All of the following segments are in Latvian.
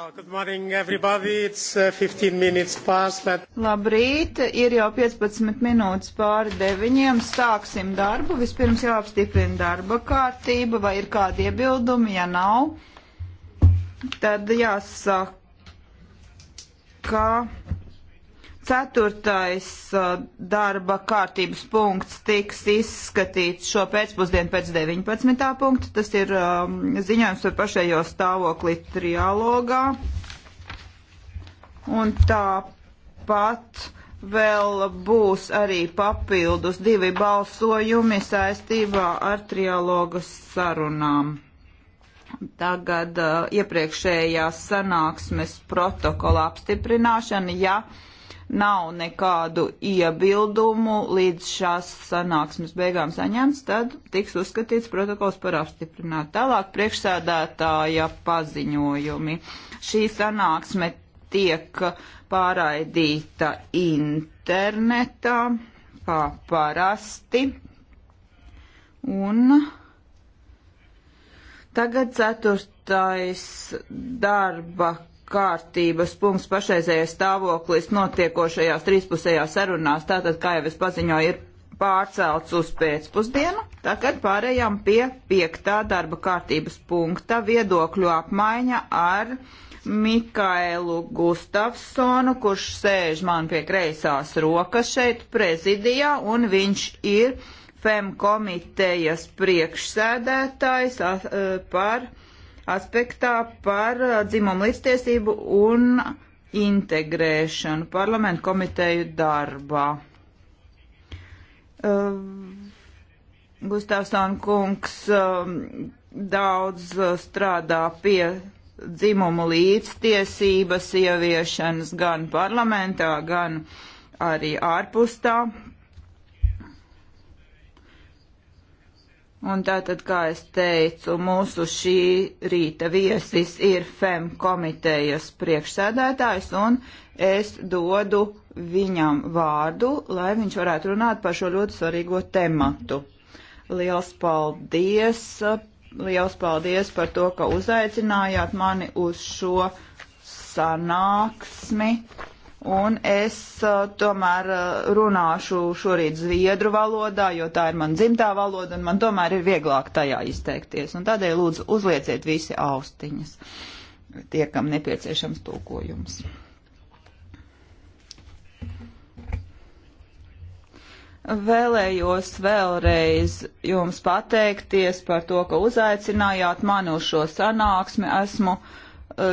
Now, good morning everybody. It's 15 uh, minutes past. But... Labrīt, ir jau 15 minūtes pāri deviņiem. Sāksim darbu. Vispirms jāapstiprina darba kārtība, vai ir kādi iebildumi, ja nav. Tad jāsaka, ka Ceturtais uh, darba kārtības punkts tiks izskatīts šo pēcpusdienu pēc 19. punkta. Tas ir um, ziņojums par pašējo stāvokli trialogā. Un tāpat vēl būs arī papildus divi balsojumi saistībā ar trialogas sarunām. Tagad uh, iepriekšējās sanāksmes protokola apstiprināšana. Ja nav nekādu iebildumu līdz šās sanāksmes beigām saņemts, tad tiks uzskatīts protokols par apstiprinātu. Tālāk priekšsēdētāja paziņojumi. Šī sanāksme tiek pārraidīta internetā, kā parasti. Un tagad ceturtais darba kārtības punkts pašreizējais stāvoklis notiekošajās trīspusējās sarunās, tātad, kā jau es paziņoju, ir pārcelts uz pēcpusdienu. Tagad pārējām pie piektā darba kārtības punkta viedokļu apmaiņa ar Mikaelu Gustafsonu, kurš sēž man pie kreisās rokas šeit prezidijā, un viņš ir FEM komitejas priekšsēdētājs par aspektā par uh, dzimumu līdztiesību un integrēšanu parlamentu komiteju darbā. Uh, Gustavson kungs um, daudz uh, strādā pie dzimumu līdztiesības ieviešanas gan parlamentā, gan arī ārpus tā. Un tātad, kā es teicu, mūsu šī rīta viesis ir FEM komitejas priekšsēdētājs, un es dodu viņam vārdu, lai viņš varētu runāt par šo ļoti svarīgo tematu. Liels paldies! Liels paldies par to, ka uzaicinājāt mani uz šo sanāksmi un es uh, tomēr uh, runāšu šorīt zviedru valodā, jo tā ir man dzimtā valoda, un man tomēr ir vieglāk tajā izteikties. Un tādēļ lūdzu uzlieciet visi austiņas, tie, kam nepieciešams tulkojums. Vēlējos vēlreiz jums pateikties par to, ka uzaicinājāt mani uz šo sanāksmi. Esmu uh,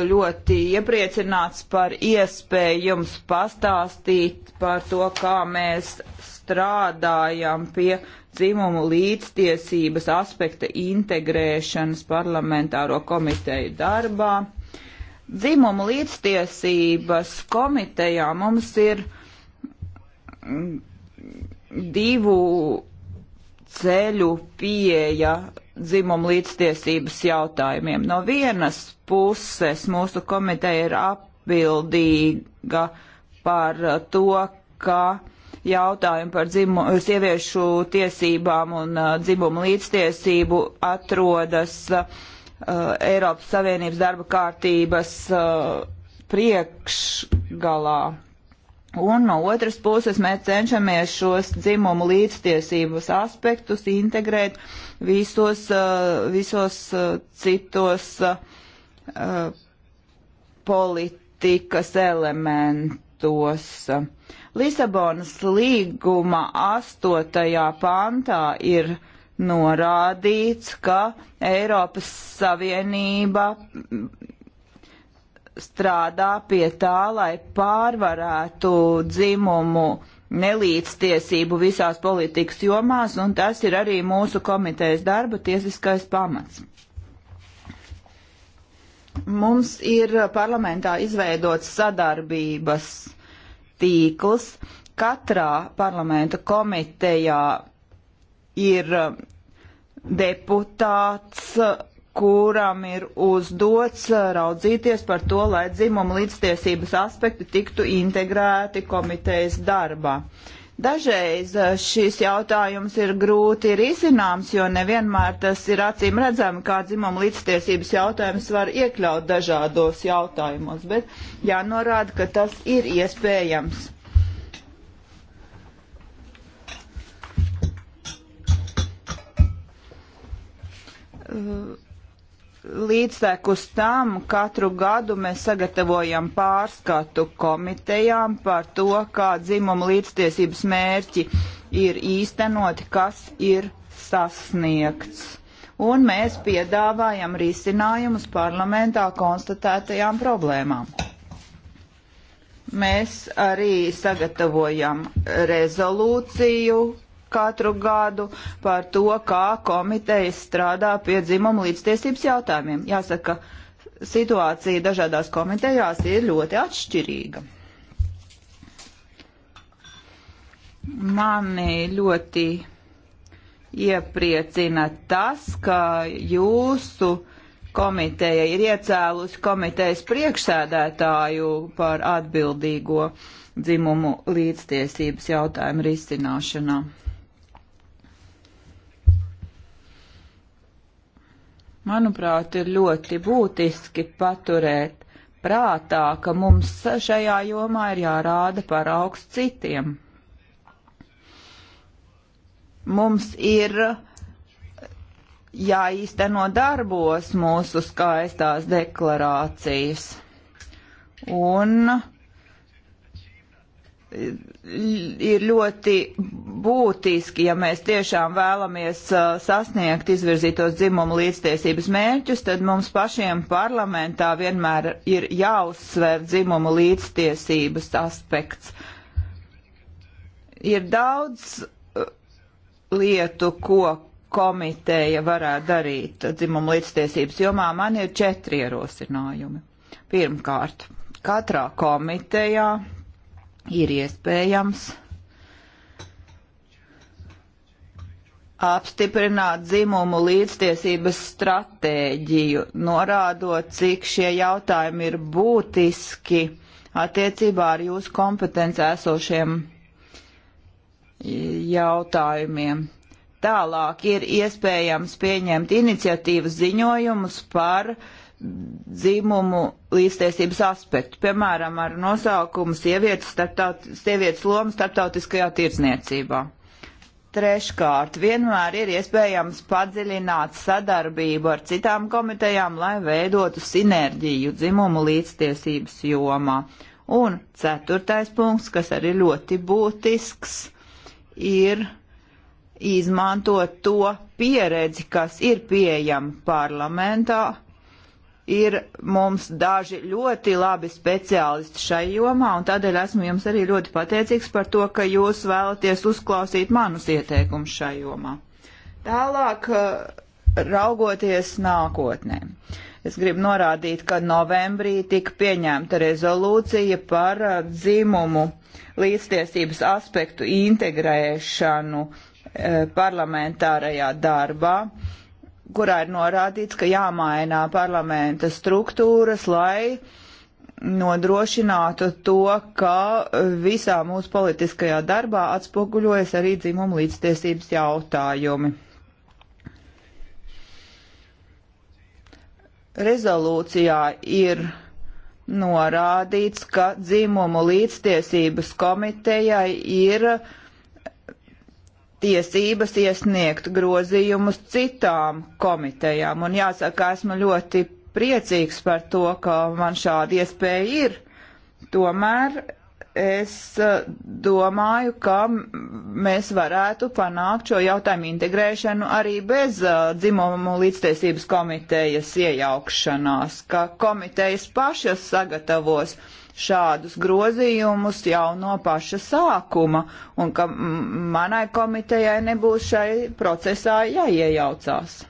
ļoti iepriecināts par iespēju jums pastāstīt par to, kā mēs strādājam pie dzimumu līdztiesības aspekta integrēšanas parlamentāro komiteju darbā. Dzimumu līdztiesības komitejā mums ir mm, divu ceļu pieeja dzimumu līdztiesības jautājumiem. No vienas puses mūsu komiteja ir atbildīga par to, ka jautājumi par dzimu, sieviešu tiesībām un uh, dzimumu līdztiesību atrodas uh, Eiropas Savienības darba kārtības uh, priekšgalā. Un no otras puses mēs cenšamies šos dzimumu līdztiesības aspektus integrēt visos, eh, visos eh, citos eh, politikas elementos. Lisabonas līguma astotajā pantā ir norādīts, ka Eiropas Savienība strādā pie tā, lai pārvarētu dzimumu nelīdztiesību visās politikas jomās, un tas ir arī mūsu komitejas darba tiesiskais pamats. Mums ir parlamentā izveidots sadarbības tīkls. Katrā parlamenta komitejā ir deputāts, kuram ir uzdots raudzīties par to, lai dzimuma līdztiesības aspekti tiktu integrēti komitejas darbā. Dažreiz šis jautājums ir grūti risināms, jo nevienmēr tas ir acīm redzami, kā dzimuma līdztiesības jautājums var iekļaut dažādos jautājumos, bet jānorāda, ka tas ir iespējams. Uh Līdztekus tam katru gadu mēs sagatavojam pārskatu komitejām par to, kā dzimuma līdztiesības mērķi ir īstenoti, kas ir sasniegts. Un mēs piedāvājam risinājumus parlamentā konstatētajām problēmām. Mēs arī sagatavojam rezolūciju, katru gadu par to, kā komiteja strādā pie dzimumu līdztiesības jautājumiem. Jāsaka, situācija dažādās komitejās ir ļoti atšķirīga. Mani ļoti iepriecina tas, ka jūsu komiteja ir iecēlusi komitejas priekšsēdētāju par atbildīgo dzimumu līdztiesības jautājumu risināšanā. manuprāt, ir ļoti būtiski paturēt prātā, ka mums šajā jomā ir jārāda paraugs citiem. Mums ir jāīsteno darbos mūsu skaistās deklarācijas. Un uh, ir ļoti būtiski, ja mēs tiešām vēlamies uh, sasniegt izvirzītos dzimumu līdztiesības mērķus, tad mums pašiem parlamentā vienmēr ir jāuzsver dzimumu līdztiesības aspekts. Ir daudz uh, lietu, ko komiteja varētu darīt dzimumu līdztiesības jomā. Man ir četri ierosinājumi. Pirmkārt, katrā komitejā ir iespējams apstiprināt dzimumu līdztiesības stratēģiju, norādot, cik šie jautājumi ir būtiski attiecībā ar jūsu kompetenci esošiem jautājumiem. Tālāk ir iespējams pieņemt iniciatīvas ziņojumus par uh, dzimumu līdztiesības aspektu, piemēram, ar nosaukumu sievietes, starptaut, sievietes lomu starptautiskajā tirdzniecībā. Treškārt, vienmēr ir iespējams padziļināt sadarbību ar citām komitejām, lai veidotu sinerģiju dzimumu līdztiesības jomā. Un ceturtais punkts, kas arī ļoti būtisks, ir izmantot to pieredzi, kas ir pieejama parlamentā, ir mums daži ļoti labi speciālisti šai jomā, un tādēļ esmu jums arī ļoti pateicīgs par to, ka jūs vēlaties uzklausīt manus ieteikumus šai jomā. Tālāk, eh, raugoties nākotnē. Es gribu norādīt, ka novembrī tika pieņemta rezolūcija par eh, dzimumu līdztiesības aspektu integrēšanu eh, parlamentārajā darbā kurā ir norādīts, ka jāmainā parlamenta struktūras, lai nodrošinātu to, ka visā mūsu politiskajā darbā atspoguļojas arī dzimumu līdztiesības jautājumi. Rezolūcijā ir norādīts, ka dzimumu līdztiesības komitejai ir uh, tiesības iesniegt grozījumus citām komitejām. Un jāsaka, esmu ļoti priecīgs par to, ka man šāda iespēja ir. Tomēr es eh, domāju, ka mēs varētu panākt šo jautājumu integrēšanu arī bez eh, dzimumu līdztiesības komitejas iejaukšanās, ka komitejas pašas sagatavos uh, šādus grozījumus jau no paša sākuma un ka manai komitejai nebūs šai procesā jāiejaucās.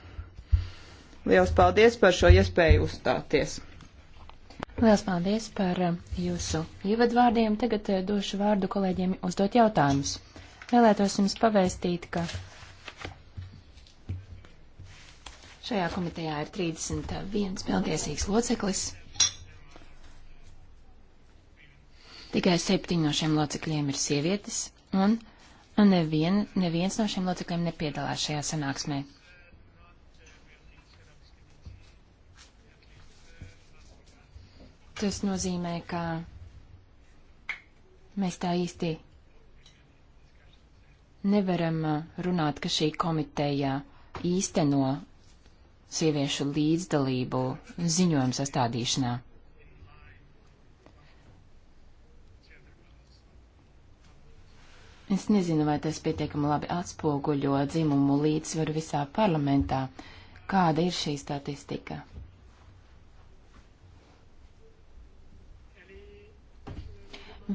Lielas paldies par šo iespēju uzstāties. Lielas paldies par eh, jūsu ievadvārdiem. Tagad eh, došu vārdu kolēģiem uzdot jautājumus. Vēlētos jums pavēstīt, ka Šajā komitejā ir 31 pilntiesīgs loceklis. Tikai septiņi no šiem locekļiem ir sievietes, un nevien, neviens no šiem locekļiem nepiedalās šajā sanāksmē. Tas nozīmē, ka mēs tā īsti nevaram uh, runāt, ka šī komiteja īsteno sieviešu līdzdalību ziņojumu sastādīšanā. Es nezinu, vai tas pietiekami labi atspoguļo dzimumu līdzsvaru visā parlamentā. Kāda ir šī statistika?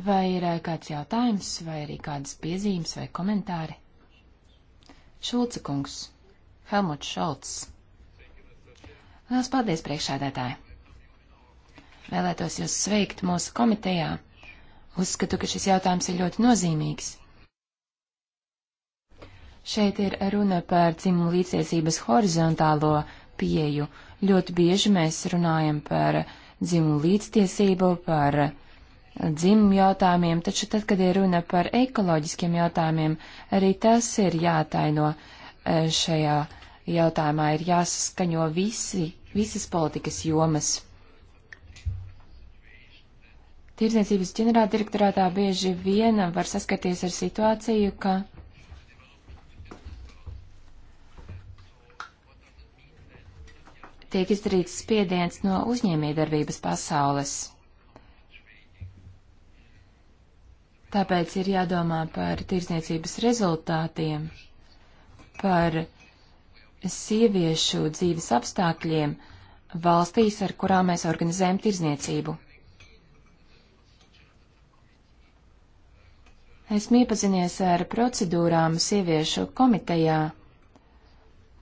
Vai ir eh, kāds jautājums, vai arī kādas piezīmes vai komentāri? Šulce kungs, Helmuts Šolts. Lielas paldies, priekšādētāji! Vēlētos jūs sveikt mūsu komitejā. Uzskatu, ka šis jautājums ir ļoti nozīmīgs. Šeit ir runa par dzimumu līdztiesības horizontālo pieju. Ļoti bieži mēs runājam par dzimumu līdztiesību, par dzimumu jautājumiem, taču tad, kad ir runa par ekoloģiskiem jautājumiem, arī tas ir jātaino e, šajā jautājumā, ir jāsaskaņo visi, visas politikas jomas. Tirzniecības ģenerāldirektorātā bieži viena var saskarties ar situāciju, ka tiek izdarīts spiediens no uzņēmējdarbības pasaules. Tāpēc ir jādomā par tirzniecības rezultātiem, par sieviešu dzīves apstākļiem valstīs, ar kurām mēs organizējam tirzniecību. Esmu iepazinies ar procedūrām sieviešu komitejā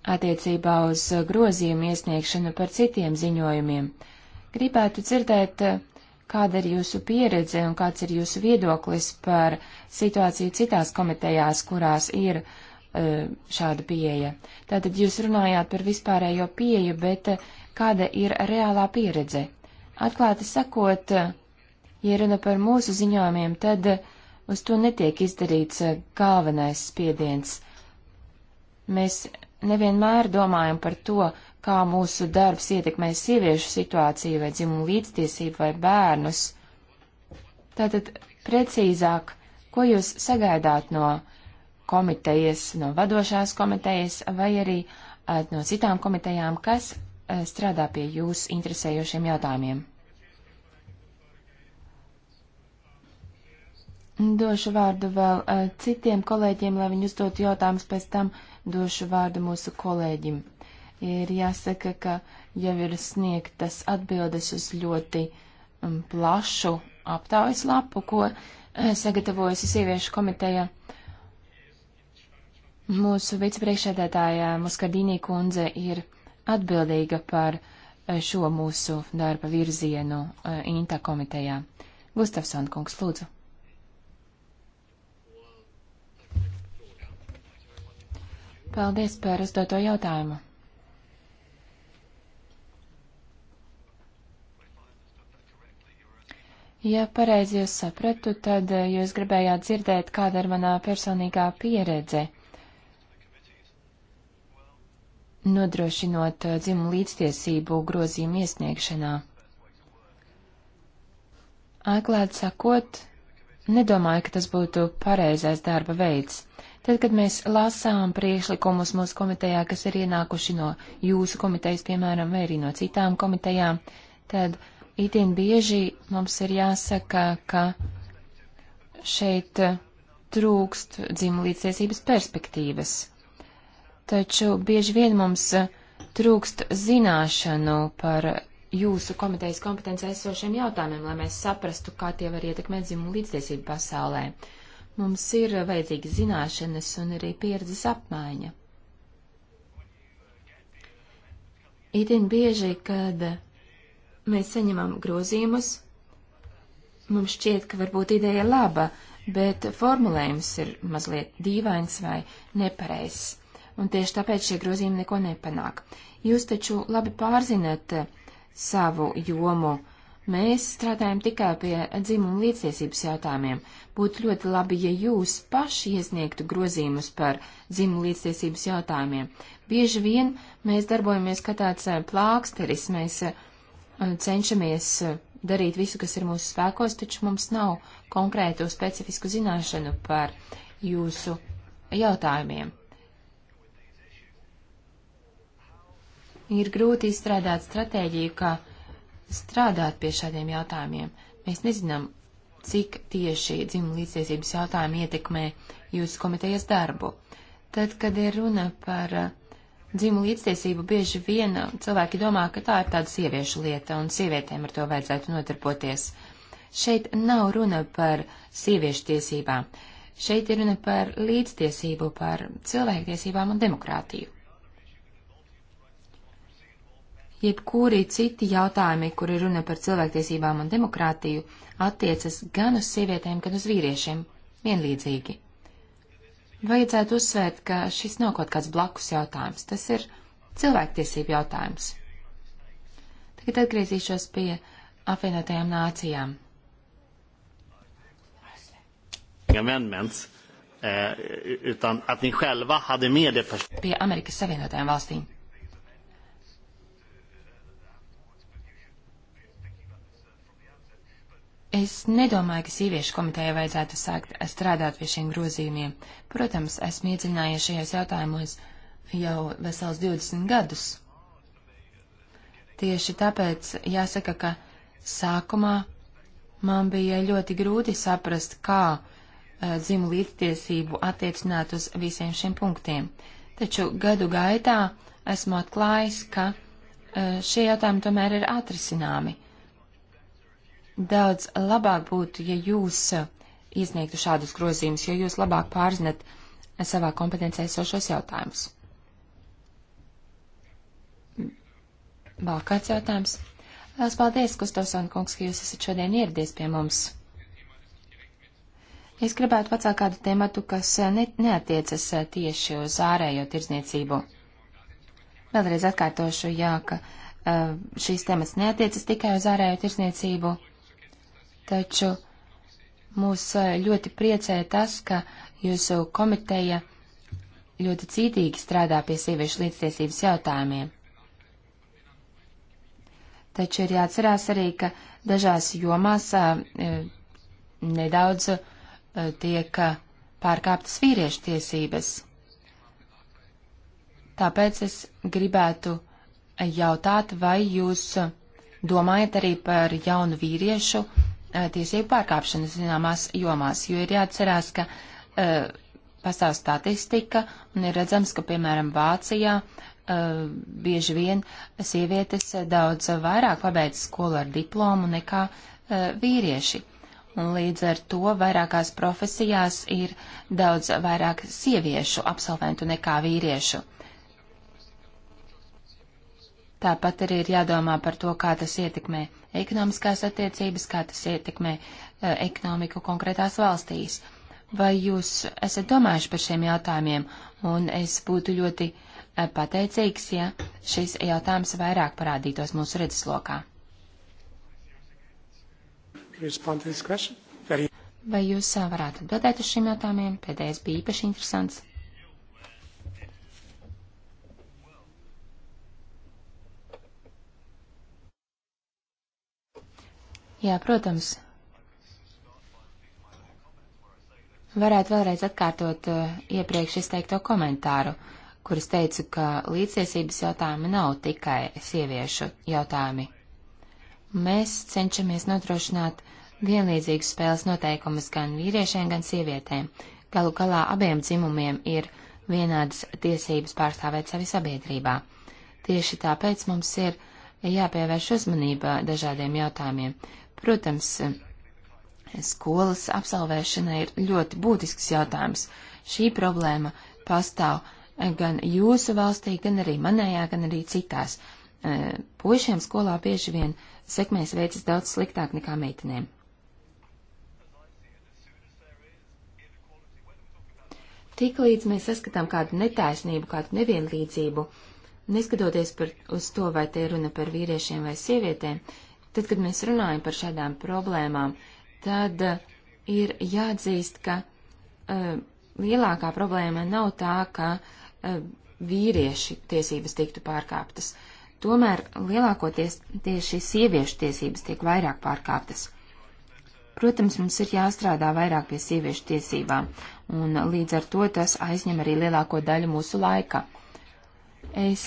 attiecībā uz uh, grozījumu iesniegšanu par citiem ziņojumiem. Gribētu dzirdēt, uh, kāda ir jūsu pieredze un kāds ir jūsu viedoklis par situāciju citās komitejās, kurās ir uh, šāda pieeja. Tātad jūs runājāt par vispārējo pieeju, bet kāda ir reālā pieredze? Atklāti sakot, ja runa par mūsu ziņojumiem, tad uz to netiek izdarīts galvenais spiediens. Mēs nevienmēr domājam par to, kā mūsu darbs ietekmē sieviešu situāciju vai dzimumu līdztiesību vai bērnus. Tātad precīzāk, ko jūs sagaidāt no komitejas, no vadošās komitejas vai arī eh, no citām komitejām, kas eh, strādā pie jūs interesējošiem jautājumiem? Došu vārdu vēl uh, citiem kolēģiem, lai viņi uzdotu jautājumus, pēc tam došu vārdu mūsu kolēģim. Ir jāsaka, ka jau ir sniegtas atbildes uz ļoti um, plašu aptaujas lapu, ko uh, sagatavojusi sieviešu komiteja. Mūsu vicepriekšēdētāja Muskardīnī kundze ir atbildīga par uh, šo mūsu darba virzienu uh, INTA komitejā. Gustafson kungs, lūdzu. Paldies par uzdoto jautājumu. Ja pareizi jūs sapratu, tad eh, jūs gribējāt dzirdēt, kāda ir manā personīgā pieredze nodrošinot eh, dzimumu līdztiesību grozījumu iesniegšanā. Atklāt sakot, nedomāju, ka tas būtu pareizais darba veids. Tad, kad mēs lasām priekšlikumus mūsu komitejā, kas ir ienākuši no jūsu komitejas, piemēram, vai arī no citām komitejām, tad itin bieži mums ir jāsaka, ka šeit trūkst dzimumlīdztiesības perspektīvas. Taču bieži vien mums trūkst zināšanu par jūsu komitejas kompetenci esošiem jautājumiem, lai mēs saprastu, kā tie var ietekmēt dzimumu līdztiesību pasaulē. Uh, Mums ir vajadzīgas zināšanas un arī pieredzes apmaiņa. Itin bieži, kad mēs saņemam grozījumus, mums šķiet, ka varbūt ideja laba, bet formulējums ir mazliet dīvains vai nepareizs. Un tieši tāpēc šie grozījumi neko nepanāk. Jūs taču labi pārzinat savu jomu, Mēs strādājam tikai pie dzimumu līdztiesības jautājumiem. Būtu ļoti labi, ja jūs paši iesniegtu grozīmus par dzimumu līdztiesības jautājumiem. Bieži vien mēs darbojamies kā tāds eh, plāksteris, mēs eh, cenšamies eh, darīt visu, kas ir mūsu spēkos, taču mums nav konkrētu specifisku zināšanu par jūsu jautājumiem. Ir grūti izstrādāt stratēģiju, ka strādāt pie šādiem jautājumiem. Mēs nezinām, cik tieši dzimuma līdztiesības jautājumi ietekmē jūsu komitejas darbu. Tad, kad ir runa par uh, dzimumu līdztiesību, bieži vien uh, cilvēki domā, ka tā ir tāda sieviešu lieta un sievietēm ar to vajadzētu notarpoties. Šeit nav runa par sieviešu tiesībām. Šeit ir runa par līdztiesību, par cilvēktiesībām un demokrātiju jebkuri citi jautājumi, kuri runa par cilvēktiesībām un demokrātiju, attiecas gan uz sievietēm, gan uz vīriešiem vienlīdzīgi. Vajadzētu uzsvērt, ka šis nav kaut kāds blakus jautājums, tas ir cilvēktiesību jautājums. Tagad atgriezīšos pie apvienotajām nācijām. Amendments eh, utan att ni själva hade med det er perspektivet. Pie Amerikas Savienotajām valstīm. Es nedomāju, ka sieviešu komitejai vajadzētu sākt strādāt pie šiem grozījumiem. Protams, esmu iedziļinājies šajos jautājumos jau vesels 20 gadus. Tieši tāpēc jāsaka, ka sākumā man bija ļoti grūti saprast, kā e, dzimu līdztiesību attiecināt uz visiem šiem punktiem. Taču gadu gaitā esmu atklājis, ka e, šie jautājumi tomēr ir atrisināmi. Daudz labāk būtu, ja jūs iesniegtu šādus grozījumus, jo jūs labāk pārzinat savā kompetencē esošos jautājumus. Vēl kāds jautājums? Lielas paldies, Kustosona kungs, ka jūs esat šodien ieradies pie mums. Es gribētu pacelt kādu tematu, kas ne, neatiecas tieši uz ārējo tirdzniecību. Vēlreiz atkārtošu, jā, ka eh, šīs temats neatiecas tikai uz ārējo tirdzniecību taču mūs eh, ļoti priecē tas, ka jūsu komiteja ļoti cītīgi strādā pie sieviešu līdztiesības jautājumiem. Taču ir jāatcerās arī, ka dažās jomās eh, nedaudz eh, tiek pārkāptas vīriešu tiesības. Tāpēc es gribētu jautāt, vai jūs domājat arī par jaunu vīriešu Eh, tiesību pārkāpšanas zināmās jomās, jo ir jāatcerās, ka uh, pastāv statistika un ir redzams, ka, piemēram, Vācijā uh, bieži vien sievietes daudz vairāk pabeidz skolu ar diplomu nekā uh, vīrieši. Un līdz ar to vairākās profesijās ir daudz vairāk sieviešu absolventu nekā vīriešu. Tāpat arī ir jādomā par to, kā tas ietekmē ekonomiskās attiecības, kā tas ietekmē uh, ekonomiku konkrētās valstīs. Vai jūs esat domājuši par šiem jautājumiem? Un es būtu ļoti uh, pateicīgs, ja šis jautājums vairāk parādītos mūsu redzeslokā. Vai jūs e, varētu atbildēt uz šiem jautājumiem? Pēdējais bija īpaši interesants. Jā, protams. Varētu vēlreiz atkārtot uh, iepriekš izteikto komentāru, kuras teicu, ka līdziesības jautājumi nav tikai sieviešu jautājumi. Mēs cenšamies nodrošināt vienlīdzīgus spēles noteikumus gan vīriešiem, gan sievietēm. Galu galā abiem dzimumiem ir vienādas tiesības pārstāvēt sevi sabiedrībā. Tieši tāpēc mums ir jāpievērš uzmanība dažādiem jautājumiem. Protams, skolas absolvēšana ir ļoti būtisks jautājums. Šī problēma pastāv gan jūsu valstī, gan arī manējā, gan arī citās. E, puišiem skolā bieži vien sekmēs veicas daudz sliktāk nekā meitenēm. Tiklīdz mēs saskatām kādu netaisnību, kādu nevienlīdzību, neskatoties par, uz to, vai te runa par vīriešiem vai sievietēm, uh, Tad, kad mēs runājam par šādām problēmām, tad uh, ir jāatzīst, ka uh, lielākā problēma nav tā, ka uh, vīrieši tiesības tiktu pārkāptas. Tomēr lielākoties tieši sieviešu tiesības tiek vairāk pārkāptas. Protams, mums ir jāstrādā vairāk pie sieviešu tiesībām, un līdz ar to tas aizņem arī lielāko daļu mūsu laika. Es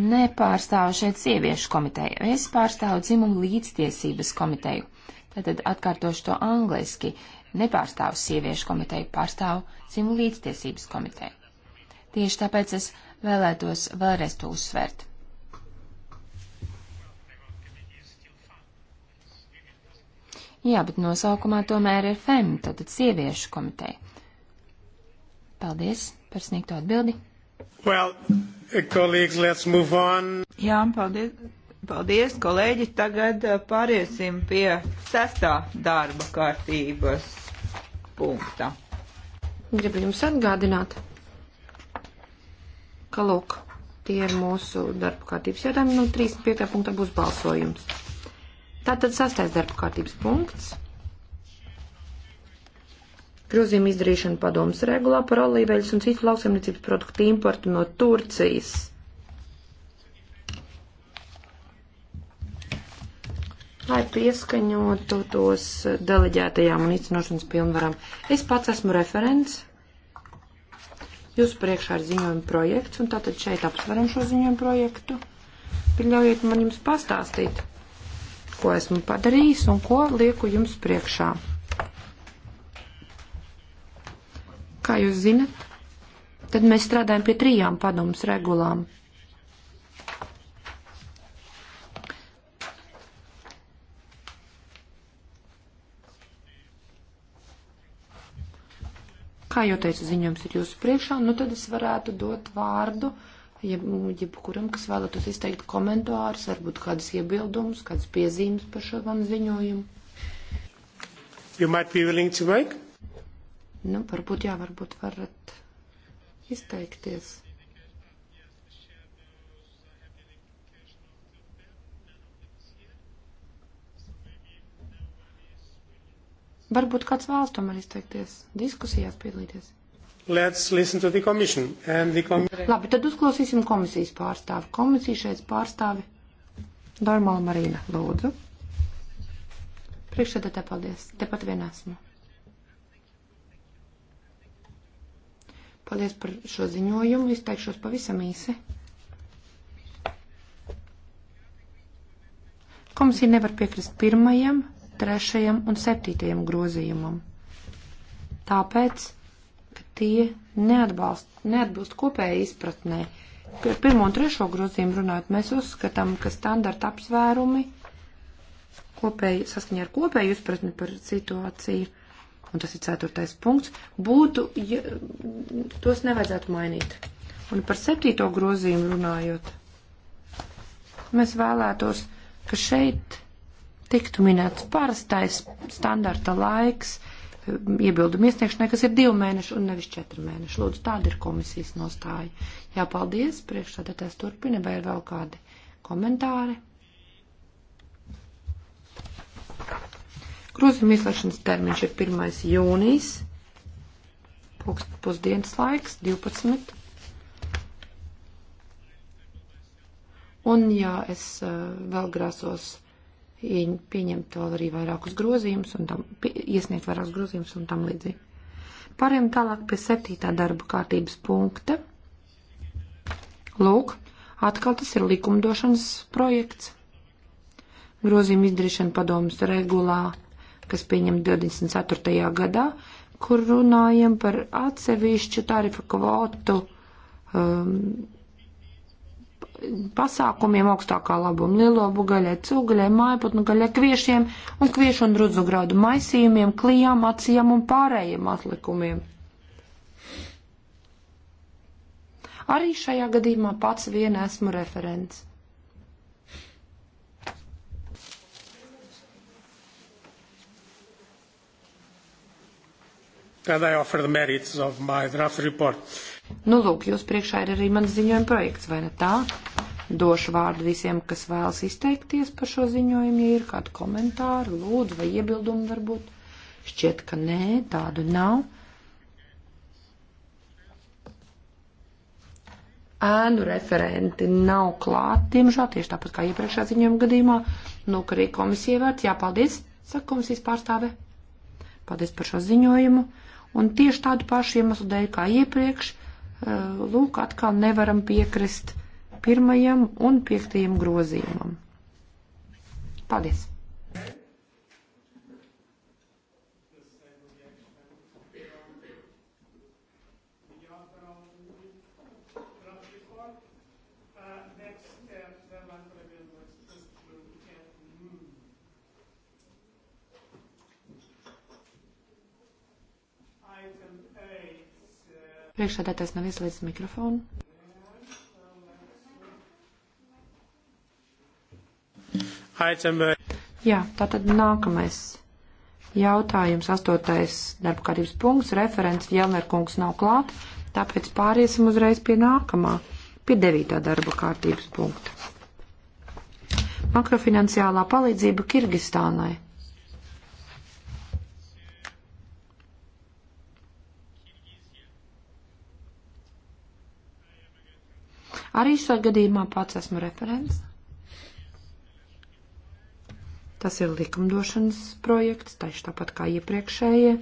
nepārstāvu šeit sieviešu komiteju, es pārstāvu dzimumu līdztiesības komiteju. Tātad atkārtošu to angliski. Nepārstāvu sieviešu komiteju, pārstāvu dzimumu līdztiesības komiteju. Tieši tāpēc es vēlētos vēlreiz to uzsvērt. Jā, bet nosaukumā tomēr ir FEM, tātad sieviešu komiteja. Paldies par sniegto atbildi. Well, Jā, paldies. Paldies, kolēģi. Tagad uh, pāriesim pie sestā darba kārtības punkta. Gribu jums atgādināt, ka lūk, tie ir mūsu darba kārtības jautājumi. No nu, 35. punktā būs balsojums. Tātad sastais darba kārtības punkts. Grozījuma izdarīšana padomas regulā par olīveļas un citu lauksaimniecības produktu importu no Turcijas. lai pieskaņotu tos deleģētajām un izcinošanas pilnvarām. Es pats esmu referents. Jūsu priekšā ir ziņojuma projekts, un tātad šeit apsveram šo ziņojuma projektu. Pieļaujiet man jums pastāstīt, ko esmu padarījis un ko lieku jums priekšā. kā jūs zinat, tad mēs strādājam pie trijām padomus regulām. Kā jau teicu, ziņojums ir jūsu priekšā, nu tad es varētu dot vārdu jeb, jebkuram, kas vēlētos izteikt komentārus, varbūt kādas iebildumus, kādas piezīmes par šo man ziņojumu. You might be willing to make? Nu, varbūt, jā, varbūt varat izteikties. Varbūt kāds vēlas tomēr izteikties, diskusijās piedalīties. Let's listen to the commission and the com Labi, tad uzklausīsim komisijas pārstāvi. Komisija šeit pārstāvi Normāla Marīna, lūdzu. Priekšsēdētāji, paldies. Tepat vien esmu. Paldies par šo ziņojumu. Izteikšos pavisam īsi. Komisija nevar piekrist pirmajam, trešajam un septītajam grozījumam. Tāpēc, ka tie neatbalst, neatbilst kopējai izpratnē. Par pirmo un trešo grozījumu runājot, mēs uzskatām, ka standarta apsvērumi kopēji, saskaņā ar kopēju izpratni par situāciju un tas ir ceturtais punkts, būtu, ja, tos nevajadzētu mainīt. Un par septīto grozījumu runājot, mēs vēlētos, ka šeit tiktu minēts parastais standarta laiks iebildumu iesniegšanai, kas ir divi mēneši un nevis četri mēneši. Lūdzu, tāda ir komisijas nostāja. Jā, paldies, priekšsādātājs turpina, vai ir vēl kādi komentāri? Grozījuma ieslēgšanas termiņš ir 1. jūnijas, pusdienas laiks, 12. Un, jā, es eh, vēl grasos pieņemt vēl arī vairākus grozījumus un tam, iesniegt vairākus grozījumus un tam līdzīgi. Pārējām tālāk pie septītā darba kārtības punkta. Lūk, atkal tas ir likumdošanas projekts. Grozījuma izdarīšana padomus regulā kas pieņemta 24. gadā, kur runājam par atsevišķu tarifu kvotu um, pasākumiem augstākā labuma lielobu gaļai, cūgaļai, mājputnu gaļai, kviešiem un kviešu un rudzugrādu maisījumiem, klijām, acījām un pārējiem atlikumiem. Arī šajā gadījumā pats vien esmu referents. and I offer the merits of my draft report. Nu, lūk, jūs priekšā ir arī mans ziņojuma projekts, vai ne tā? Došu vārdu visiem, kas vēlas izteikties par šo ziņojumu, ja ir kādi komentāri, lūdzu, vai iebildumi varbūt. Šķiet, ka nē, tādu nav. ēnu referenti nav klāt, diemžēl, tieši tāpat kā iepriekšā ziņojuma gadījumā. Nu, ka arī komisija vērt, jā, paldies, saka komisijas pārstāve. Paldies par šo ziņojumu. Un tieši tādu pašu iemeslu dēļ kā iepriekš, eh, lūk, atkal nevaram piekrist pirmajam un piektajam grozījumam. Paldies! Priekšsēdētājs nav ieslēdzis mikrofonu. Jā, tātad nākamais jautājums, astotais darba kārtības punkts, referents Jelnerkungs nav klāt, tāpēc pāriesim uzreiz pie nākamā, pie devītā darba kārtības punkta. Makrofinansiālā palīdzība Kirgistānai. Arī šajā gadījumā pats esmu referents. Tas ir likumdošanas projekts, taču tāpat kā iepriekšējie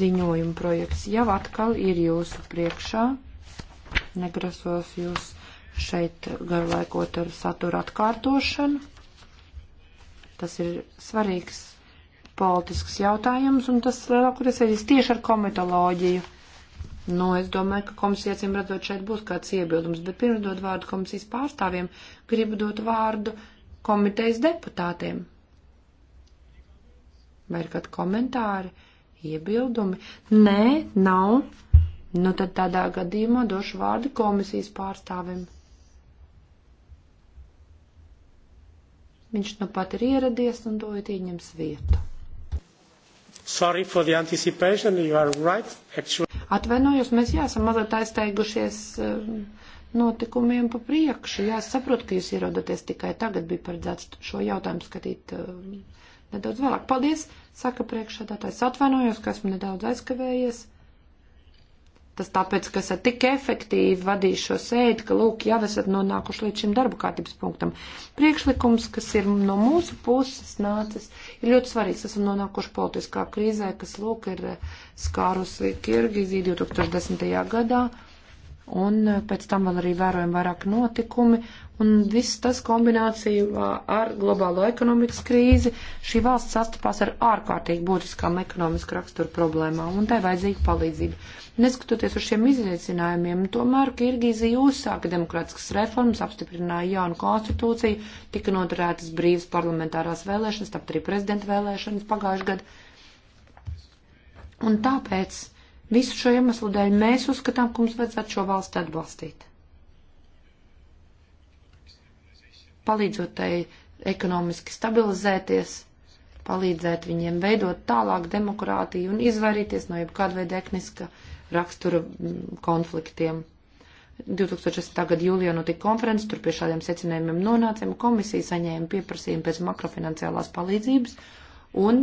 ziņojuma projekts jau atkal ir jūsu priekšā. Negrasos jūs šeit garlaikot ar satura atkārtošanu. Tas ir svarīgs politisks jautājums, un tas lielākoties ir tieši ar komitoloģiju Nu, es domāju, ka komisija acīm redzot šeit būs kāds iebildums, bet pirms dot vārdu komisijas pārstāvjiem, gribu dot vārdu komitejas deputātiem. Vai ir kādi komentāri, iebildumi? Nē, nav. Nu, tad tādā gadījumā došu vārdu komisijas pārstāvim. Viņš nu pat ir ieradies un to ieņems vietu. Sorry for the anticipation, you are right, actually. Atvainojos, mēs jāsam mazliet aizteigušies eh, notikumiem pa priekšu. Jā, es saprotu, ka jūs ierodaties tikai tagad, bija paredzēts šo jautājumu skatīt eh, nedaudz vēlāk. Paldies, saka priekšsēdētājs. Atvainojos, ka esmu nedaudz aizkavējies. Tas tāpēc, ka esat tik efektīvi vadījis šo sēdi, ka, lūk, jau esat nonākuši līdz šim darba kārtības punktam. Priekšlikums, kas ir no mūsu puses nācis, ir ļoti svarīgs. Esam nonākuši politiskā krīzē, kas, lūk, ir eh, skārusi Kirgiziju 2010. gadā. Un eh, pēc tam vēl arī vērojam vairāk notikumi, Un viss tas kombinācijā uh, ar globālo ekonomikas krīzi šī valsts sastapās ar ārkārtīgi būtiskām ekonomiska rakstura problēmām un tai vajadzīga palīdzība. Neskatoties uz šiem izaicinājumiem, tomēr Kirgīzija uzsāka demokrātiskas reformas, apstiprināja jaunu konstitūciju, tika noturētas brīvas parlamentārās vēlēšanas, tāpat arī prezidenta vēlēšanas pagājušajā gadā. Un tāpēc visu šo iemeslu dēļ mēs uzskatām, ka mums vajadzētu šo valstu atbalstīt. palīdzot tai ekonomiski stabilizēties, palīdzēt viņiem veidot tālāk demokrātiju un izvairīties no jebkāda veida etniska rakstura mm, konfliktiem. 2016. gada jūlijā notika konferences, tur pie šādiem secinājumiem nonācām. Komisija saņēma pieprasījumu pēc makrofinanciālās palīdzības, un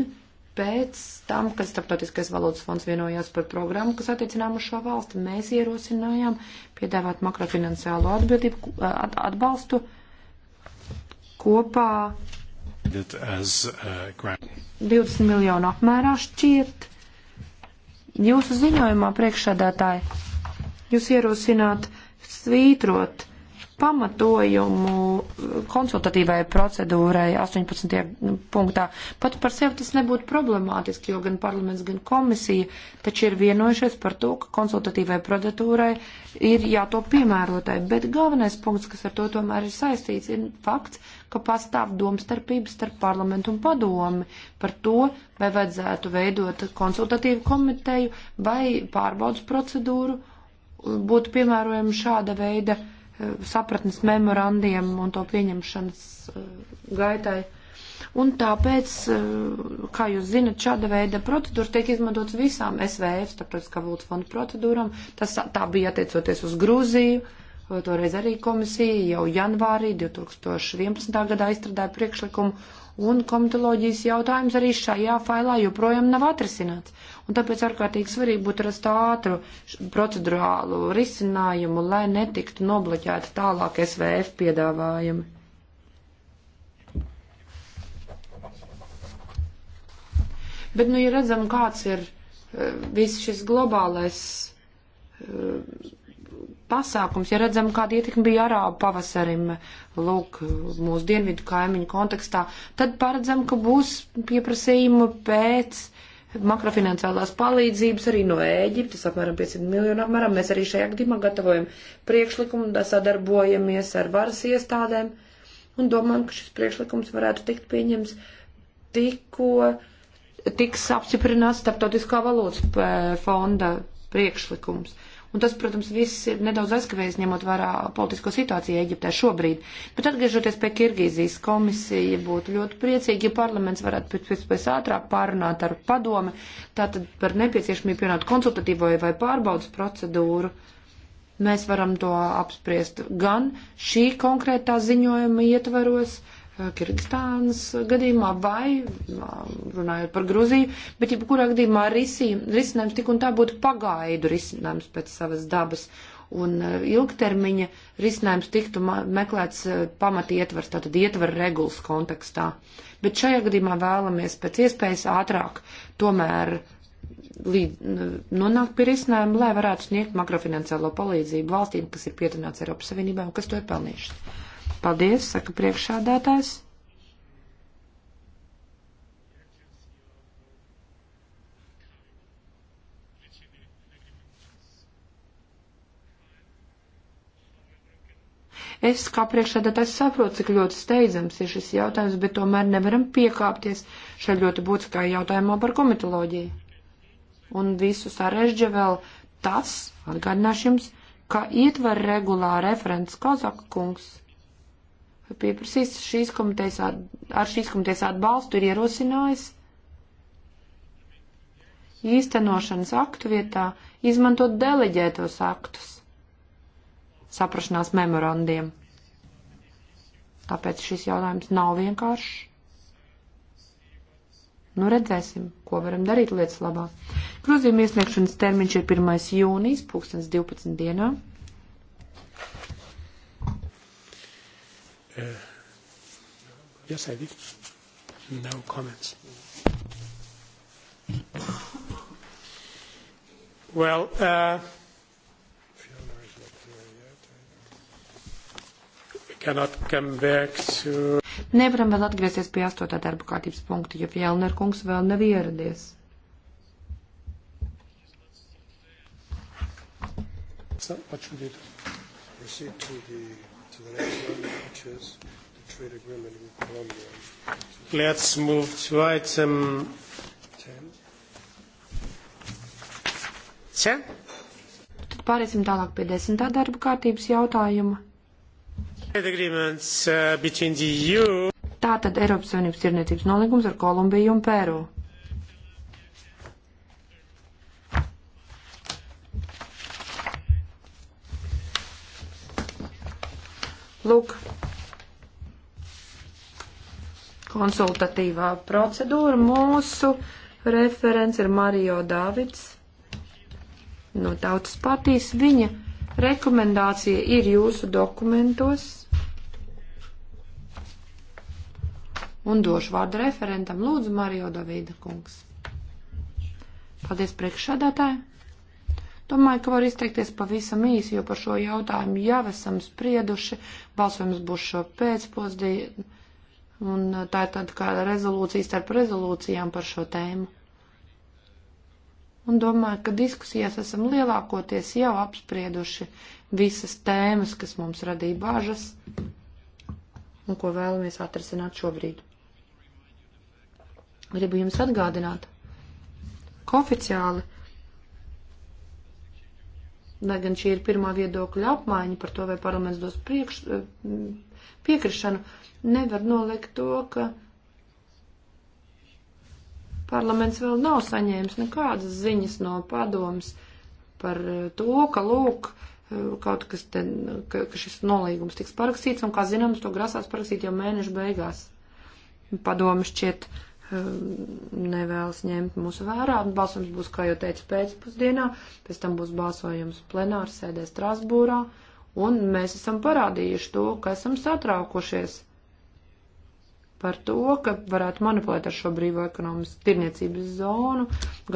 pēc tam, kad Starptautiskais valūtas fonds vienojās par programmu, kas attiecinām uz šo valsti, mēs ierosinājām piedāvāt makrofinanciālo atbalstu kopā 20 uh, miljonu apmērā šķiet. Jūsu ziņojumā priekšsēdētāji, jūs ierosināt svītrot pamatojumu konsultatīvai procedūrai 18. punktā. Pat par sevi tas nebūtu problemātiski, jo gan parlaments, gan komisija taču ir vienojušies par to, ka konsultatīvai procedūrai ir jāto piemērotai. Bet galvenais punkts, kas ar to tomēr ir saistīts, ir fakts, ka pastāv domstarpības starp parlamentu un padomi par to, vai vajadzētu veidot konsultatīvu komiteju vai pārbaudas procedūru būtu piemērojama šāda veida uh, Eh, sapratnes memorandiem un to pieņemšanas eh, gaitai. Un tāpēc, eh, kā jūs zinat, šāda veida procedūras tiek izmantotas visām SVF, starptautiskā valūtas fonda procedūram. Tas, tā bija attiecoties uz Grūziju, toreiz arī komisija jau janvārī 2011. gadā izstrādāja priekšlikumu un komitoloģijas jautājums arī šajā failā joprojām nav atrisināts. Un tāpēc ārkārtīgi svarīgi būtu rast ātru procedurālu risinājumu, lai netiktu nobloķēta tālāk SVF piedāvājumi. Bet, nu, ja redzam, kāds ir eh, viss šis globālais eh, pasākums, ja redzam, kāda ietekme bija arābu pavasarim, lūk, mūsu dienvidu kaimiņu kontekstā, tad paredzam, ka būs pieprasījuma pēc makrofinanciālās palīdzības arī no Ēģiptes, apmēram 500 miljonu apmēram. Mēs arī šajā gadījumā gatavojam priekšlikumu, sadarbojamies ar varas iestādēm un domājam, ka šis priekšlikums varētu tikt pieņems tikko tiks apstiprināts starptautiskā valūtas eh, fonda priekšlikums. Un tas, protams, viss ir nedaudz aizkavējies, ņemot vērā politisko situāciju Eģiptē šobrīd. Bet atgriežoties pie Kirgīzijas komisija, būtu ļoti priecīgi, ja parlaments varētu pēc pēc pēc ātrāk pārunāt ar padomi, tātad par nepieciešamību pienāt konsultatīvo vai pārbaudas procedūru. Mēs varam to apspriest gan šī konkrētā ziņojuma ietvaros, uh, Kirgistānas gadījumā vai runājot par Gruziju, bet jebkurā gadījumā risi, risinājums tik un tā būtu pagaidu risinājums pēc savas dabas. Un ilgtermiņa risinājums tiktu meklēts pamati ietvars, tātad ietvara regulas kontekstā. Bet šajā gadījumā vēlamies pēc iespējas ātrāk tomēr līdz, nonākt pie risinājuma, lai varētu sniegt makrofinanciālo palīdzību valstīm, kas ir pietuvināts Eiropas Savienībā un kas to ir pelnījušas. Paldies, saka priekšādātājs. Es kā priekšsēdētājs saprotu, cik ļoti steidzams ir šis jautājums, bet tomēr nevaram piekāpties šai ļoti būtiskā jautājumā par komitoloģiju. Un visu sarežģa vēl tas, atgādināšu jums, ka ietver regulā referents Kazakungs pieprasīs šīs komitejas, ar šīs komitejas atbalstu ir ierosinājis īstenošanas aktu vietā izmantot deleģētos aktus saprašanās memorandiem. Tāpēc šis jautājums nav vienkāršs. Nu, redzēsim, ko varam darīt lietas labā. Grozījuma iesniegšanas termiņš ir 1. jūnijas, 2012. dienā. Uh, yes, I did. No comments. Well, uh, cannot come back to. Nevaram vēl atgriezties pie astotā darba kārtības punkta, jo Fjellner kungs vēl nav ieradies. So, what should we do? proceed to the, to the next one, which is the trade agreement with Colombia. Let's move to item 10. 10. Tad pāriesim tālāk pie desmitā darba kārtības jautājuma. Uh, Tātad Eiropas Savienības tirniecības nolīgums ar Kolumbiju un Pēru. Lūk, konsultatīvā procedūra mūsu referents ir Mario Davids no Tautas partijas. Viņa rekomendācija ir jūsu dokumentos. Un došu vārdu referentam. Lūdzu, Mario Davida kungs. Paldies priekšsādātāji. Domāju, ka var izteikties pavisam īsi, jo par šo jautājumu jau esam sprieduši. Balsojums būs šo pēcpusdienu, un uh, tā ir tāda kā rezolūcija starp rezolūcijām par šo tēmu. Un domāju, ka diskusijās esam lielākoties jau apsprieduši visas tēmas, kas mums radīja bāžas un ko vēlamies atrisināt šobrīd. Gribu jums atgādināt, ka oficiāli lai gan šī ir pirmā viedokļa apmaiņa par to, vai parlaments dos priekš, eh, piekrišanu, nevar nolikt to, ka parlaments vēl nav saņēmis nekādas ziņas no padomas par eh, to, ka lūk, eh, kaut kas te, ka, ka šis nolīgums tiks parakstīts, un, kā zināms, to grasās parakstīt jau mēnešu beigās. Padomas šķiet Um, nevēlas ņemt mūsu vērā. Balsojums būs, kā jau teicu, pēcpusdienā, pēc tam būs balsojums plenāra sēdē Strasbūrā, un mēs esam parādījuši to, ka esam satraukušies par to, ka varētu manipulēt ar šo brīvo ekonomisku tirniecības zonu.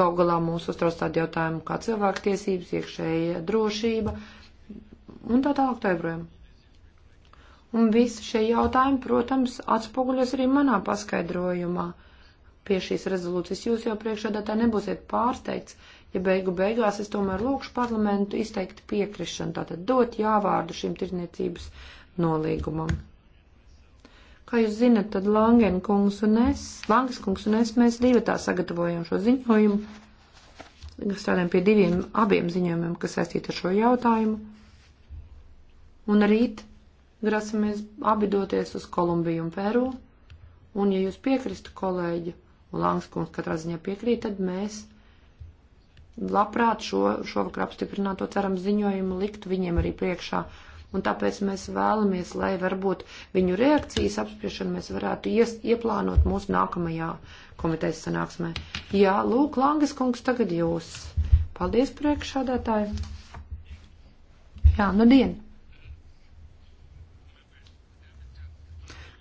Gal galā mūs uztrauc tādi jautājumi kā cilvēktiesības, iekšēja drošība un tā tālāk tā joprojām. Un visi šie jautājumi, protams, atspoguļos arī manā paskaidrojumā. Uh, pie šīs rezolūcijas. Jūs jau priekšādā nebūsiet pārsteigts, ja beigu beigās es tomēr lūkšu parlamentu izteikt piekrišanu, tātad dot jāvārdu šim tirniecības nolīgumam. Kā jūs zinat, tad Langenkungs un es, Langeskungs un es, mēs divi tā sagatavojam šo ziņojumu, strādājam pie diviem, abiem ziņojumiem, kas saistīti ar šo jautājumu. Un rīt grasamies abi doties uz Kolumbiju un Peru, un ja jūs piekristu kolēģi, un Langskungs katrā ziņā piekrīt, tad mēs labprāt šo šovakar apstiprināto ceram ziņojumu likt viņiem arī priekšā. Un tāpēc mēs vēlamies, lai varbūt viņu reakcijas apspriešanu mēs varētu ies, ieplānot mūsu nākamajā komitejas sanāksmē. Jā, lūk, Langas kungs, tagad jūs. Paldies priekšādātāji. Jā, nu dien.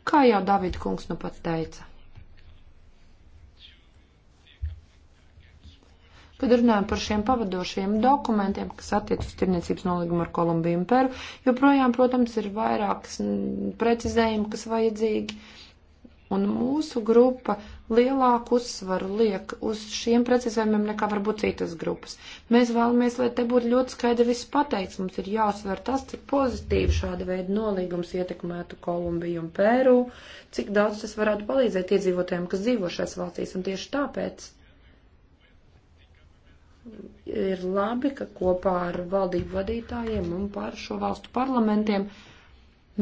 Kā jau Davida kungs nu pats teica. Kad runājam par šiem pavadošiem dokumentiem, kas attiec uz tirniecības nolīgumu ar Kolumbiju un Peru, joprojām, protams, ir vairākas precizējumi, kas vajadzīgi. Un mūsu grupa lielāku uzsvaru liek uz šiem precizējumiem nekā varbūt citas grupas. Mēs vēlamies, lai te būtu ļoti skaidri viss pateikts. Mums ir jāuzsver tas, cik pozitīvi šāda veida nolīgums ietekmētu Kolumbiju un Peru, cik daudz tas varētu palīdzēt iedzīvotājiem, kas dzīvo šajās valstīs. Un tieši tāpēc ir labi, ka kopā ar valdību vadītājiem un par šo valstu parlamentiem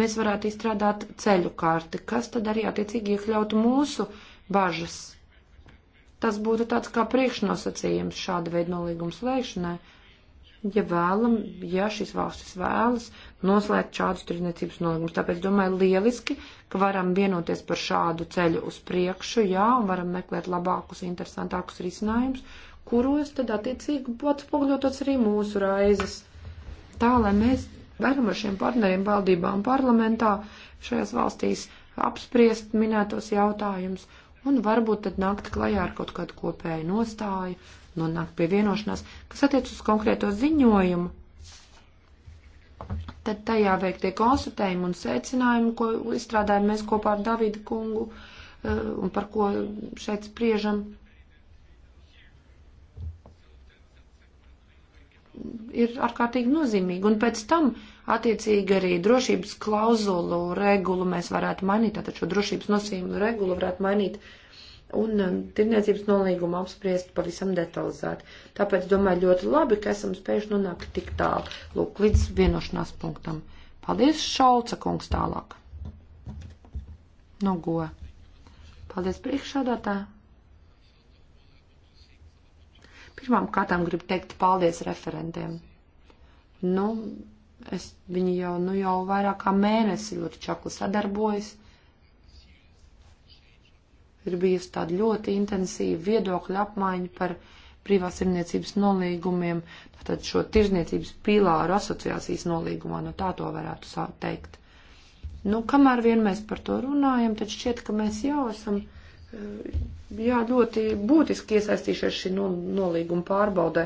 mēs varētu izstrādāt ceļu karti, kas tad arī attiecīgi iekļautu mūsu bažas. Tas būtu tāds kā priekšnosacījums šāda veida nolīguma slēgšanai, ja vēlam, ja šīs valstis vēlas noslēgt šādus tirdzniecības nolīgumus. Tāpēc domāju lieliski, ka varam vienoties par šādu ceļu uz priekšu, jā, un varam meklēt labākus, interesantākus risinājumus, kuros tad attiecīgi būtu spogļotos arī mūsu raizes. Tā, lai mēs varam ar šiem partneriem valdībām parlamentā šajās valstīs apspriest minētos jautājumus un varbūt tad nākt klajā ar kaut kādu kopēju nostāju, nonākt pie vienošanās, kas attiec uz konkrēto ziņojumu. Tad tajā veiktie konstatējumi un secinājumi, ko izstrādājam mēs kopā ar Davidu kungu eh, un par ko šeit spriežam, ir ārkārtīgi nozīmīga. Un pēc tam, attiecīgi, arī drošības klauzulu regulu mēs varētu mainīt, tātad šo drošības nosīmu regulu varētu mainīt un um, tirniecības nolīgumu apspriest pavisam detalizēti. Tāpēc domāju ļoti labi, ka esam spējuši nonākt tik tālu, lūk, līdz vienošanās punktam. Paldies, Šauca kungs tālāk. Nu, go. Paldies priekšādātā. Pirmām kārtām gribu teikt paldies referentiem. Nu, es viņi jau, nu, jau vairāk kā mēnesi ļoti čakli sadarbojas. Ir bijusi tāda ļoti intensīva viedokļa apmaiņa par privās irniecības nolīgumiem, tātad šo tirzniecības pīlāru asociācijas nolīgumā, nu tā to varētu teikt. Nu, kamēr vien mēs par to runājam, tad šķiet, ka mēs jau esam jā, ļoti būtiski iesaistīšies šī no, nolīguma pārbaudē.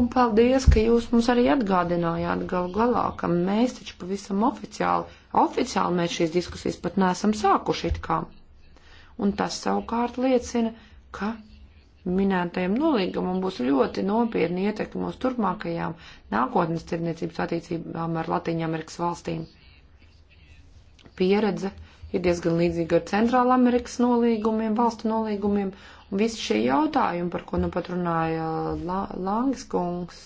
Un paldies, ka jūs mums arī atgādinājāt gal galā, ka mēs taču pavisam oficiāli, oficiāli mēs šīs diskusijas pat nesam sākuši it kā. Un tas savukārt liecina, ka minētajam nolīgumam būs ļoti nopietni ietekmi mūsu turpmākajām nākotnes tirniecības attiecībām ar Latīņamerikas valstīm pieredze ir diezgan līdzīga ar Centrāla Amerikas nolīgumiem, valstu nolīgumiem, un visi šie jautājumi, par ko nu pat runāja La Langas kungs,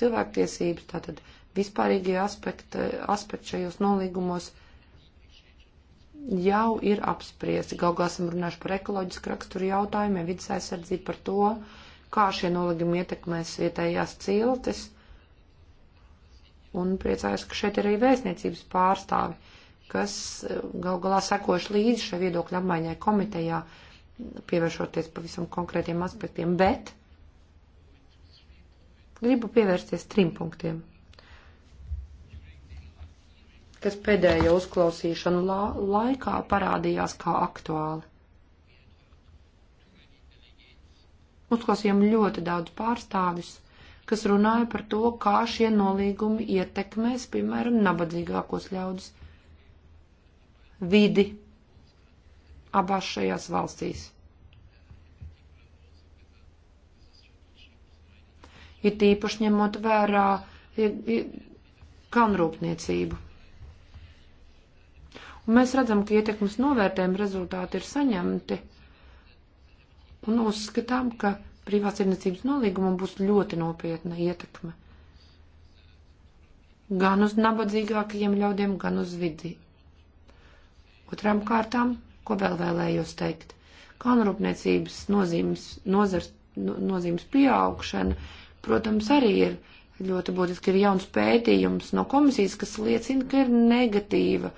cilvēktiesības, tātad vispārīgie aspekti, aspekti šajos nolīgumos jau ir apspriesti. Galgā esam runājuši par ekoloģisku raksturu jautājumiem, vidas aizsardzību par to, kā šie nolīgumi ietekmēs vietējās ciltis. Un priecājos, ka šeit ir arī vēstniecības pārstāvi kas eh, gal galā sekoši līdzi šai viedokļa apmaiņai komitejā, pievēršoties pavisam konkrētiem aspektiem, bet gribu pievērsties trim punktiem, kas pēdējo uzklausīšanu la laikā parādījās kā aktuāli. Uzklausījām ļoti daudz pārstāvis, kas runāja par to, kā šie nolīgumi ietekmēs, piemēram, nabadzīgākos ļaudis vidi abās šajās valstīs. Ir tīpaši ņemot vērā kalnrūpniecību. Un mēs redzam, ka ietekmes novērtējuma rezultāti ir saņemti un uzskatām, ka privās tirdzniecības nolīgumam būs ļoti nopietna ietekme. Gan uz nabadzīgākajiem ļaudiem, gan uz vidi, Otrām kārtām, ko vēl vēlējos teikt, kalnrūpniecības nozīmes, nozars, no, nozīmes pieaugšana, protams, arī ir ļoti būtiski, ir jauns pētījums no komisijas, kas liecina, ka ir negatīva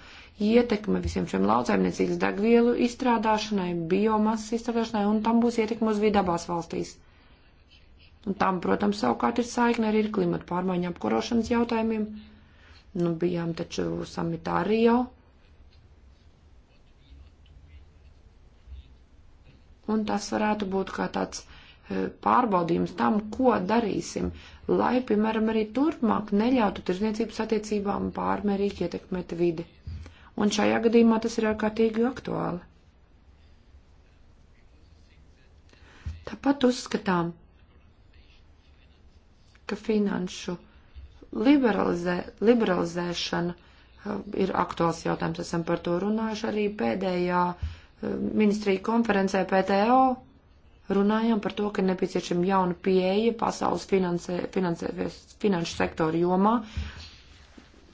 ietekme visiem šiem lauksaimniecības degvielu izstrādāšanai, biomasas izstrādāšanai, un tam būs ietekme uz vidi abās valstīs. Un tam, protams, savukārt ir saikne arī ar klimatu pārmaiņu apkarošanas jautājumiem. Nu, bijām taču samitā arī jau. un tas varētu būt kā tāds e, pārbaudījums tam, ko darīsim, lai, piemēram, arī turpmāk neļautu tirzniecības attiecībām pārmērīgi ietekmēt vidi. Un šajā gadījumā tas ir ārkārtīgi aktuāli. Tāpat uzskatām, ka finanšu liberalizē, liberalizēšana e, ir aktuāls jautājums. Esam par to runājuši arī pēdējā uh, ministriju konferencē PTO runājām par to, ka nepieciešama jauna pieeja pasaules finansē, finansē, finanšu sektoru jomā,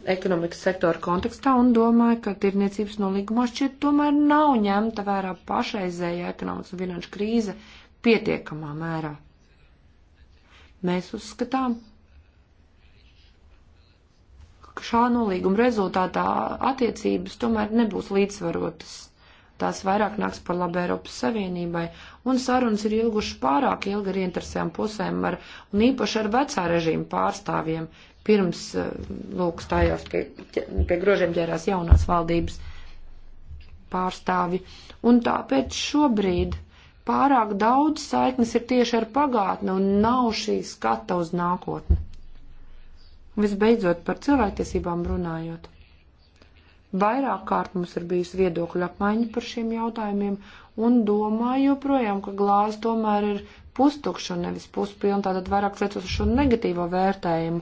ekonomikas sektoru kontekstā un domāju, ka tirniecības nolīgumā šķiet tomēr nav ņemta vērā pašreizējā ekonomikas un finanšu krīze pietiekamā mērā. Mēs uzskatām, ka šā nolīguma rezultātā attiecības tomēr nebūs līdzsvarotas tās vairāk nāks par labu Eiropas Savienībai, un sarunas ir ilgušas pārāk ilgi ar interesēm pusēm, ar, un īpaši ar vecā režīma pārstāvjiem, pirms, eh, lūk, stājās pie, pie grožiem ķērās jaunās valdības pārstāvi. Un tāpēc šobrīd pārāk daudz saiknes ir tieši ar pagātni un nav šī skata uz nākotni. Visbeidzot, par cilvēktiesībām runājot. Vairāk kārt mums ir bijis viedokļu apmaiņa par šiem jautājumiem, un domāju joprojām, ka glāze tomēr ir pustukša un nevis puspilna, tātad vairāk cecos uz šo negatīvo vērtējumu.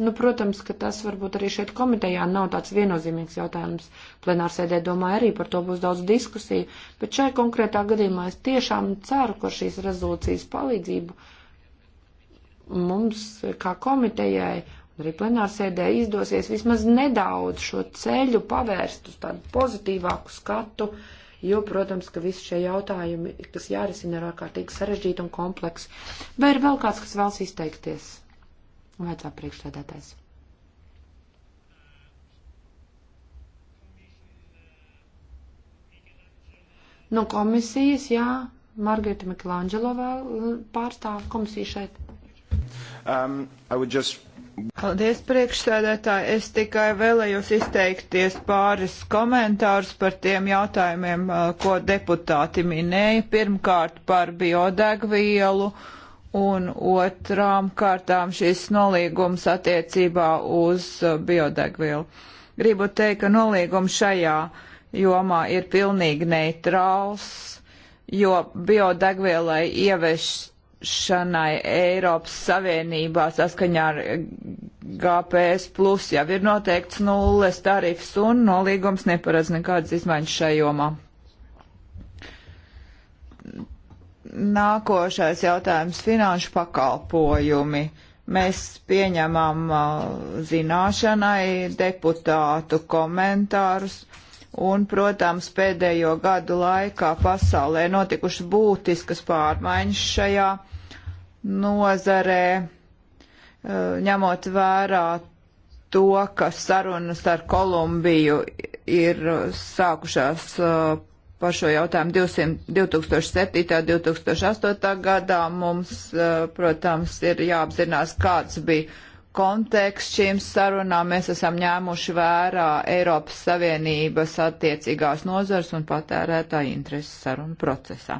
Nu, protams, ka tas varbūt arī šeit komitejā nav tāds viennozīmīgs jautājums. Plenārsēdē domāju arī par to būs daudz diskusiju, bet šai konkrētā gadījumā es tiešām ceru, ka šīs rezolūcijas palīdzību mums kā komitejai arī plenārsēdē izdosies vismaz nedaudz šo ceļu pavērst uz tādu pozitīvāku skatu, jo, protams, ka visi šie jautājumi, kas jārisina, ir ārkārtīgi sarežģīti un kompleksi. Vai ir vēl kāds, kas vēlas izteikties? Vajadzā priekšstādātais. No nu, komisijas, jā, Margarita Miklāņģelo vēl eh, pārstāv komisiju šeit. Um, I would just Paldies, priekšsēdētāji. Es tikai vēlējos izteikties pāris komentārus par tiem jautājumiem, uh, ko deputāti minēja. Pirmkārt par biodegvielu un otrām kārtām šis nolīgums attiecībā uz uh, biodegvielu. Gribu teikt, ka nolīgums šajā jomā ir pilnīgi neitrāls, jo biodegvielai ieviest iekļaušanai Eiropas Savienībā saskaņā ar GPS plus jau ir noteikts nulles tarifs un nolīgums neparedz nekādas izmaiņas šajomā. Nākošais jautājums - finanšu pakalpojumi. Mēs pieņemam uh, zināšanai deputātu komentārus. Uh, Un, protams, pēdējo gadu laikā pasaulē notikušas būtiskas pārmaiņas šajā nozarē, eh, ņemot vērā to, ka sarunas ar Kolumbiju ir eh, sākušās eh, par šo jautājumu 200, 2007. un 2008. gadā. Mums, protams, ir jāapzinās, kāds bija konteksts šīm sarunām mēs esam ņēmuši vērā Eiropas Savienības attiecīgās nozars un patērētāju intereses sarunu procesā.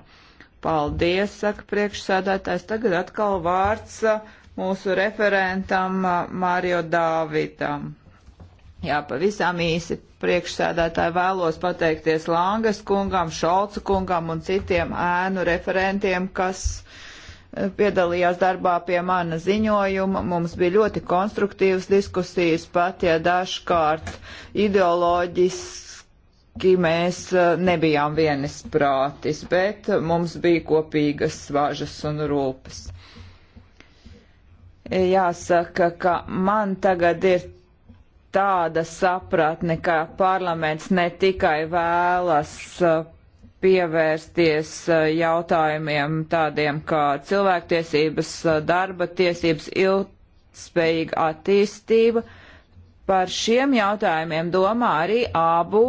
Paldies, saka priekšsēdētājs. Tagad atkal vārds uh, mūsu referentam uh, Mārio Dāvidam. Jā, pavisam īsi priekšsēdētāji vēlos pateikties Langas kungam, Šolca kungam un citiem ēnu referentiem, kas piedalījās darbā pie mana ziņojuma. Mums bija ļoti konstruktīvas diskusijas, pat ja dažkārt ideoloģiski mēs eh, nebijām vienas prātis, bet mums bija kopīgas svažas un rūpes. Jāsaka, ka man tagad ir tāda sapratne, ka parlaments ne tikai vēlas eh, pievērsties eh, jautājumiem tādiem kā cilvēktiesības, eh, darba tiesības, ilgspējīga attīstība. Par šiem jautājumiem domā arī abu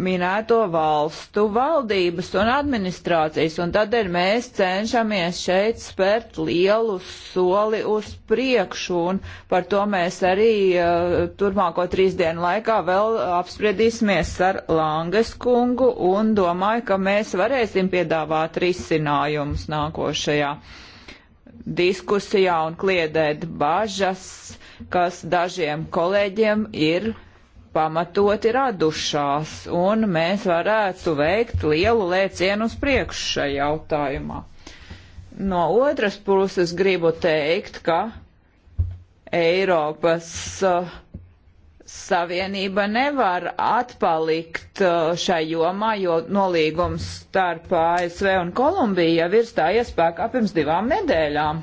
minēto valstu valdības un administrācijas, un tādēļ mēs cenšamies šeit spērt lielu soli uz priekšu, un par to mēs arī uh, turmāko trīs dienu laikā vēl apspriedīsimies ar Langes kungu, un domāju, ka mēs varēsim piedāvāt risinājumus nākošajā diskusijā un kliedēt bažas, kas dažiem kolēģiem ir pamatoti radušās, un mēs varētu veikt lielu lēcienu uz priekšu šajā jautājumā. No otras puses gribu teikt, ka Eiropas uh, Savienība nevar atpalikt uh, šai jomā, jo nolīgums starp ASV un Kolumbiju jau ir stājies spēkā pirms divām nedēļām.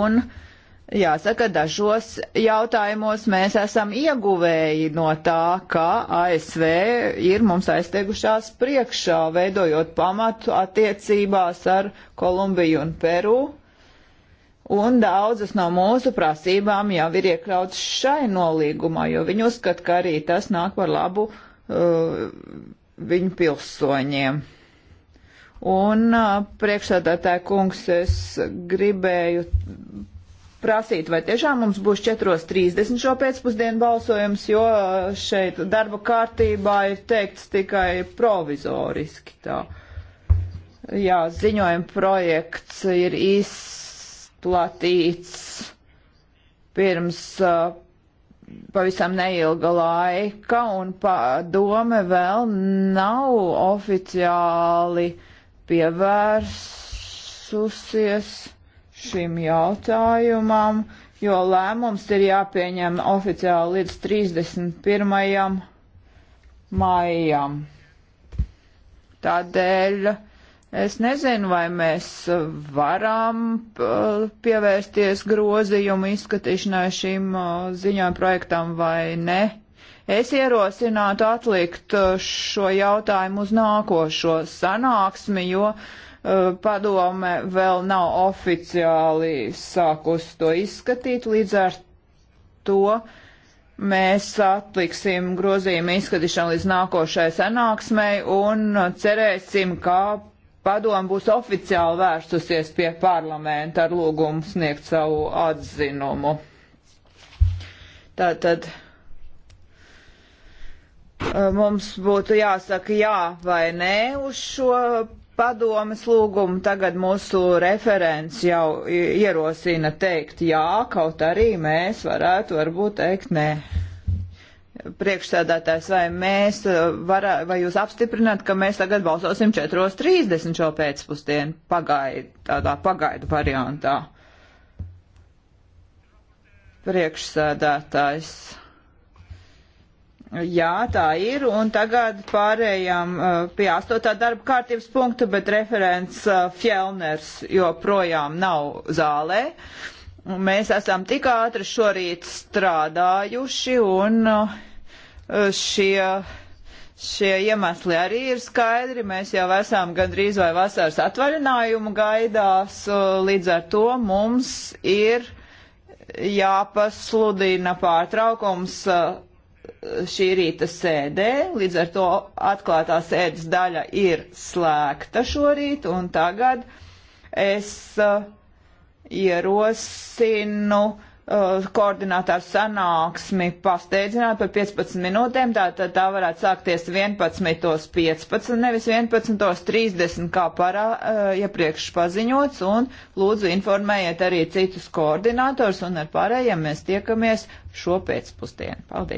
Un uh, Jāsaka, dažos jautājumos mēs esam ieguvēji no tā, ka ASV ir mums aiztegušās priekšā, veidojot pamatu attiecībās ar Kolumbiju un Peru, un daudzas no mūsu prasībām jau ir iekļautas šai nolīgumā, jo viņi uzskata, ka arī tas nāk par labu uh, viņu pilsoņiem. Un uh, priekšsādātāja kungs, es gribēju prasīt, vai tiešām mums būs 4.30 šo pēcpusdienu balsojums, jo šeit darba kārtībā ir teikts tikai provizoriski tā. Jā, ziņojuma projekts ir izplatīts pirms uh, pavisam neilga laika, un padome vēl nav oficiāli pievērsusies šim jautājumam, jo lēmums ir jāpieņem oficiāli līdz 31. maijam. Tādēļ es nezinu, vai mēs varam uh, pievērsties grozījumu izskatīšanai šim uh, ziņojuma projektam vai ne. Es ierosinātu atlikt uh, šo jautājumu uz nākošo sanāksmi, jo uh, Eh, padome vēl nav oficiāli sākus to izskatīt, līdz ar to mēs atliksim grozījumu izskatīšanu līdz nākošai sanāksmei un cerēsim, ka padomu būs oficiāli vērstusies pie parlamenta ar lūgumu sniegt savu atzinumu. Tātad eh, mums būtu jāsaka jā vai nē uz šo padomas lūgumu. Tagad mūsu referents jau ierosina teikt jā, kaut arī mēs varētu varbūt teikt nē. Priekšsēdētājs, vai mēs e, varā, vai jūs apstiprināt, ka mēs tagad balsosim 4.30 šo pēcpusdienu pagaidu, tādā pagaidu variantā? Priekšsēdētājs. Jā, tā ir, un tagad pārējām uh, pie astotā darba kārtības punkta, bet referents uh, Fjellners joprojām nav zālē. Mēs esam tik ātri šorīt strādājuši, un uh, šie, šie iemesli arī ir skaidri. Mēs jau esam gandrīz vai vasaras atvaļinājumu gaidās, līdz ar to mums ir jāpasludina pārtraukums šī rīta sēdē. Līdz ar to atklātā sēdes daļa ir slēgta šorīt, un tagad es uh, ierosinu uh, koordinātāru sanāksmi pasteidzināt par 15 minūtēm, tātad tā, tā varētu sākties 11.15, nevis 11.30, kā parā uh, iepriekš ja paziņots, un lūdzu informējiet arī citus koordinātors, un ar pārējiem mēs tiekamies šo pēcpusdienu. Paldies!